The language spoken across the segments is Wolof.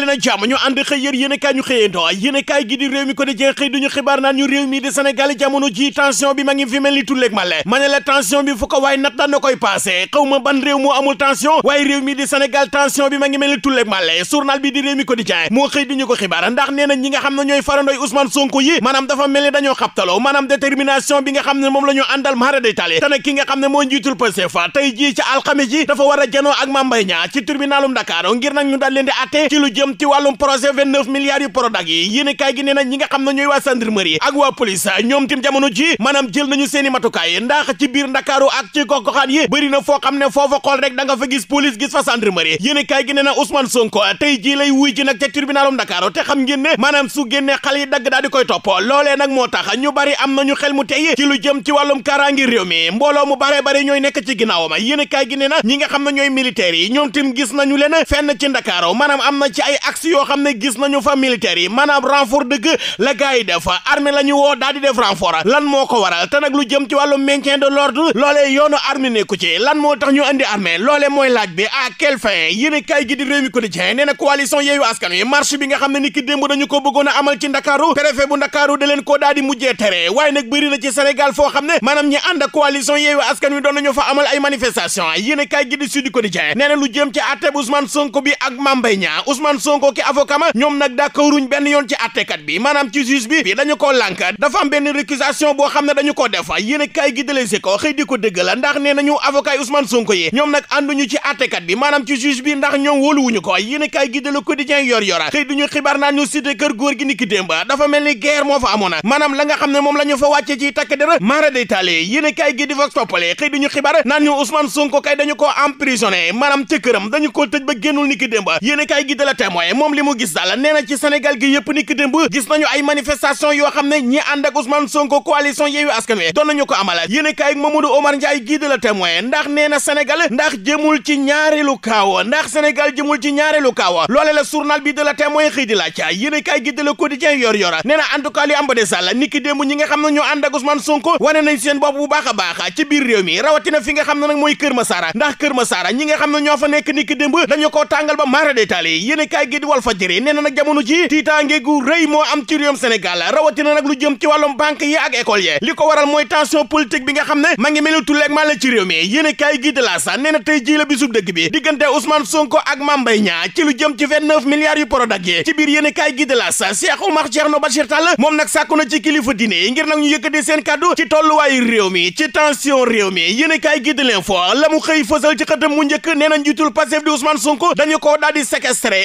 dali na jàmm ñu ànd xëy yër yéen ñu xëyantoo yéen kaay gi di mi ko di jeex xëy duñu xibaar naan ñu mi ko waaye nat daan na koy passé xaw mi ko di jeex moo xëy duñu ko xibaar ndax nee ñi nga xam ne ñooy farandoy Ousmane Sonko yi maanaam dafa mel dañoo xabtaloo maanaam détermination bi nga xam ne moom la ñu àndal maara day tale te ki nga xam ne moo njiitul Pastef tey ji ci alxames ji dafa war janoo ak Mame Mbaye Niang ci tribunalum Dakar jëm ci wàllum projet 29 milliards yu yi yéen kaay gi nee na ñi nga xam ne ñooy waa gendarmerie ak ñoom tim ne foofa xool rek da nga fa gis police gis fa gendarmerie yéen kaay gi nee na Ousmane Sonko tey jii lay wuy ji nag ca tribunalum Ndakaaru te xam ngeen ne maanaam su génnee xale yi dagg ñu bari am nañu xel mu tey ci na ñi nga xam ne ñooy militaires yi fenn ci Ndakaaru maanaam am na ci ay axe yoo xam ne gis nañu fa militaire yi maanaam renfort dëgg la gars yi def armée la ñu woo daal def renfort lan moo ko waral te nag lu jëm ci wàllu maintien de l'ordre loolee yoonu armée nekku ci lan moo tax ñu andi armée loolee mooy laaj bi à quelle fin yéen a kaay gi di réew mi quotidien nee Askan Wi marche bi nga xam ne ni ki démb dañu ko bëggoon a amal ci Ndakaaru préfet bu Ndakaaru da leen koo daal di mujjee tere waaye ne maanaam ñi ànd ak coalition Yewwi Askan Wi doon nañu fa amal ay manifestation a kaay gi di Sud Quotidien ci àtte Ousmane Sonko Ousmane Sonko ki avocat ñoom nag d'accorduñ benn yoon ci àttekat bi maanaam ci juge bi bi dañu koo lànk dafa am benn récusation boo xam ne dañu koo def yéen a kaay gi xëy di ko dëgg ndax nee nañu avocat yi Ousmane Sonko yi ñoom nag ñu ci àttekat bi maanaam ci juge bi ndax ñoom wóoluwuñu ko yéen a kaay gi dale quotidien yor yora xëy duñu xibaar naan ñu cité kër góor gi ni ki démb dafa mel ni guerre moo fa amoon maanaam la xam ne moom la ñu fa wàcce ci takk dara maara a kaay gi di vox toppale xëy duñu xibaar naan ñu Ousmane Sonko kay dañu témoin moom li mu gis daal nee na ci Sénégal gi yëpp ni ki démb gis nañu ay manifestation yoo xam ne ñi ànd ak Ousmane Sonko coalition Yewwi Askan Wi doon nañu ko amala yéene kaay Mamadou Omar Ndiaye gii de la témoin ndax nee na Sénégal ndax jëmul ci ñaareelu kaawa ndax Sénégal jëmul ci ñaareelu kaawa loole la journal bi de la témoin xëy di laaj yéene kaay gi de la quotidien yor yora nee na en tout cas li amba de sàll ni ki démb ñi nga xam ne ñoo ànd ak Ousmane Sonko wane nañ seen bopp bu baax a baax ci biir réew mi rawatina fi nga xam ne nag mooy Kër Masara ndax Kër Masara ñi nga xam ne ñoo fa nekk ni ki démb dañu ko tàngal ba maara détaali yéene kaay kaay gi di Walf Fadjri nee na nag jamono ji tiitaange tey ji la bisub dëgg bi diggante Ousmane Sonko ak Mame Mbaye Niang ci lu jëm ci 29 milliards yu Prodac yi ci biir yéen kaay gi de la sa Cheikh Oumar Thierno Bachir Tall moom nag sàkku ci kilifa diine yi nag ñu yëkkati seen kàddu ci tolluwaayu réew mi ci tension réew mi yéen kaay gi de l'info la xëy fësal ci xëtam mu njëkk nee na njiitul di Ousmane Sonko dañu ko daal di séquestré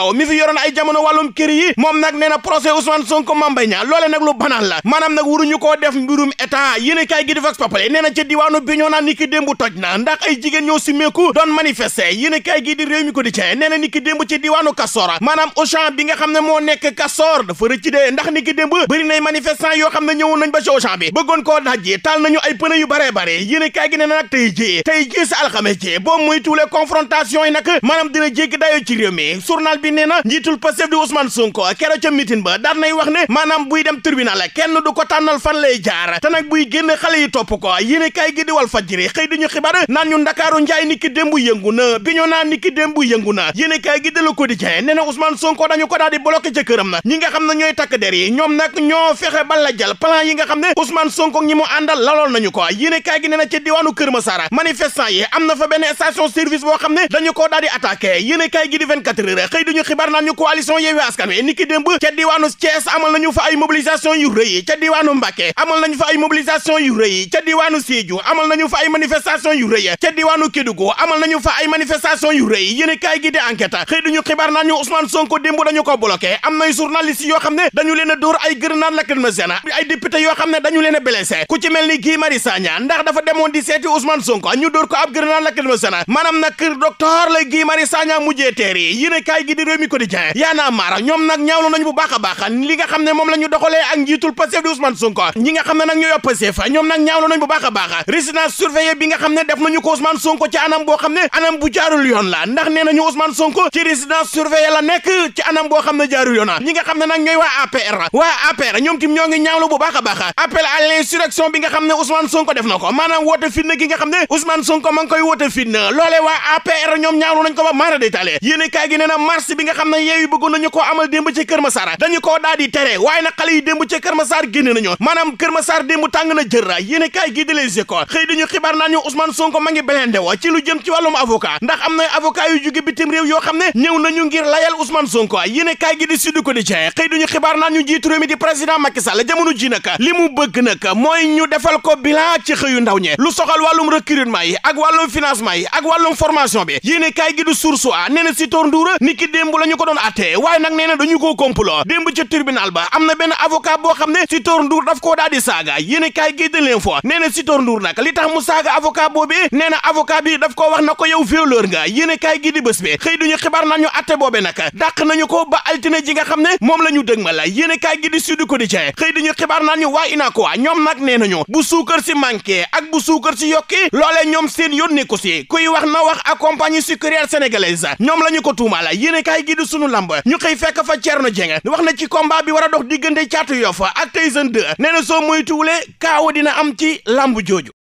Sow mi fi yoroon ay jamono wàllum kër yi moom nag nee na procès Ousmane Sonko Mame loole nag lu banal la maanaam nag wuruñu koo def mbirum état yéen kaay gi di Vox Populi nee diwaanu Bignona ni ki démb toj na ndax ay jigéen ñoo simeeku doon manifester yéen kaay gi di ko di cee nee na ni ki démb diwaanu Kasor maanaam Auchan bi nga xam ne moo nekk Kasor dafa rëcc de ndax ni ki démb bëri nay yoo xam ne ñëwoon nañ ba ci Auchan bi bëggoon bi nee na njiitul Pastef di Ousmane Sonko kero ca mitin ba daan nay wax ne maanaam buy dem tribunal kenn du ko tànnal fan lay jaar te nag buy génn xale yi topp ko yéene kaay gi di Walf Fadjri xëy diñu xibaar naan ñu Ndakaaru njaay niki démb yëngu na bi ñoo naan niki démb yëngu na yéene kaay gi di Le Quotidien nee na Ousmane Sonko ko daal di bloqué ca na ñi nga xam ne ñooy takk ñoom nag ñoo fexe ba la jal plan yi nga xam ne Ousmane Sonko ñi ñu xibaar naan ñu coalition Yewwi Askan Wi niki démb ca diwaanu Thiès amal nañu fa ay mobilisation yu rëy ca diwaanu Mbacké amal nañu fa ay mobilisation yu rëy ca diwaanu Sédhiou amal nañu fa ay manifestation yu rëy ca diwaanu ay manifestation yu rëy yéen kaay gi ñu Ousmane Sonko démb dañu ko bloqué am nay journaliste yoo xam ne dañu leen a dóor ay grenade lacrymogène ay député yoo xam ne dañu leen a blessé ku ci ni Guy Marius ndax dafa demoon Rewmi Quotidien yaanaa maara ñoom nag ñaawlu nañu bu baax a baax xam ne moom la ñu doxalee njiitul Pastef di Ousmane Sonko ñi xam ne nag ñoo yor Pastef a ñoom tim ñoo ngi ñaawlu bu baax a baax appel à l'insurrection xam ne Ousmane Sonko def na ko maanaam woote fitna gi xam ne Ousmane Sonko ma ngi koy woote fitna loolee waa APR ñoom ñaawlu nañ ko ba maara détaillé yéene kaay gi na mars marche bi nga xam ne yeewi bëggoon nañu koo amal démb ci Kër Masar dañu koo daal di tere waaye nag xale yi démb ci Kër Masar génn nañu maanaam Kër Masar démb tàng na jër yéen kaay gi de les écoles xëy dañu xibaar naa ñu Ousmane Sonko ma ngi belende wo ci lu jëm ci wàllum avocat ndax am na avocat yu jóge bitim réew yoo xam ne ñëw nañu ngir layal Ousmane Sonko yéen kaay gi di Sud Quotidien xëy dañu xibaar naa ñu jiitu réew mi di président Macky Sall jamono ji nag mooy ñu defal ko bilan ci xëyu ndaw ñe lu soxal wàllum recrutement yi ak wàllum financement yi ak wàllum formation bi yéen kaay gi du Source A nee na si démb la ñu ko doon attee waaye nag nee na dañu koo complot démb ca tribunal ba am na benn avocat boo xam ne si Sitor Ndour daf ko daal di saaga yéen kaay gi de l'info nee na Sitor Ndour nag li tax mu saaga avocat boobee nee na avocat daf ko wax na ko yow violeur nga yéen kaay gi di bés bi xëy duñu xibaar nañu na boobe nag dàq nañu ko ba altine ji nga xam ne moom la ñu dëg ma la yéen kaay gi di Sud Quotidien xëy duñu xibaar nañu waa UNACOIS ñoom nag nee nañu bu suukar si manqué ak bu suukar si yokki loolee ñoom seen yónne ko si kuy wax na wax accompagnie sucrière sénégalaise ñoom la ñu ko tuumaa la yéen kaay gi di sunu lamb ñu xëy fekk fa Thierno Dieng wax na ci combat bi war a dox diggante caatu Yoff ak Tyson 2 nee na soo moytuwulee kaawa dina am ci lamb jooju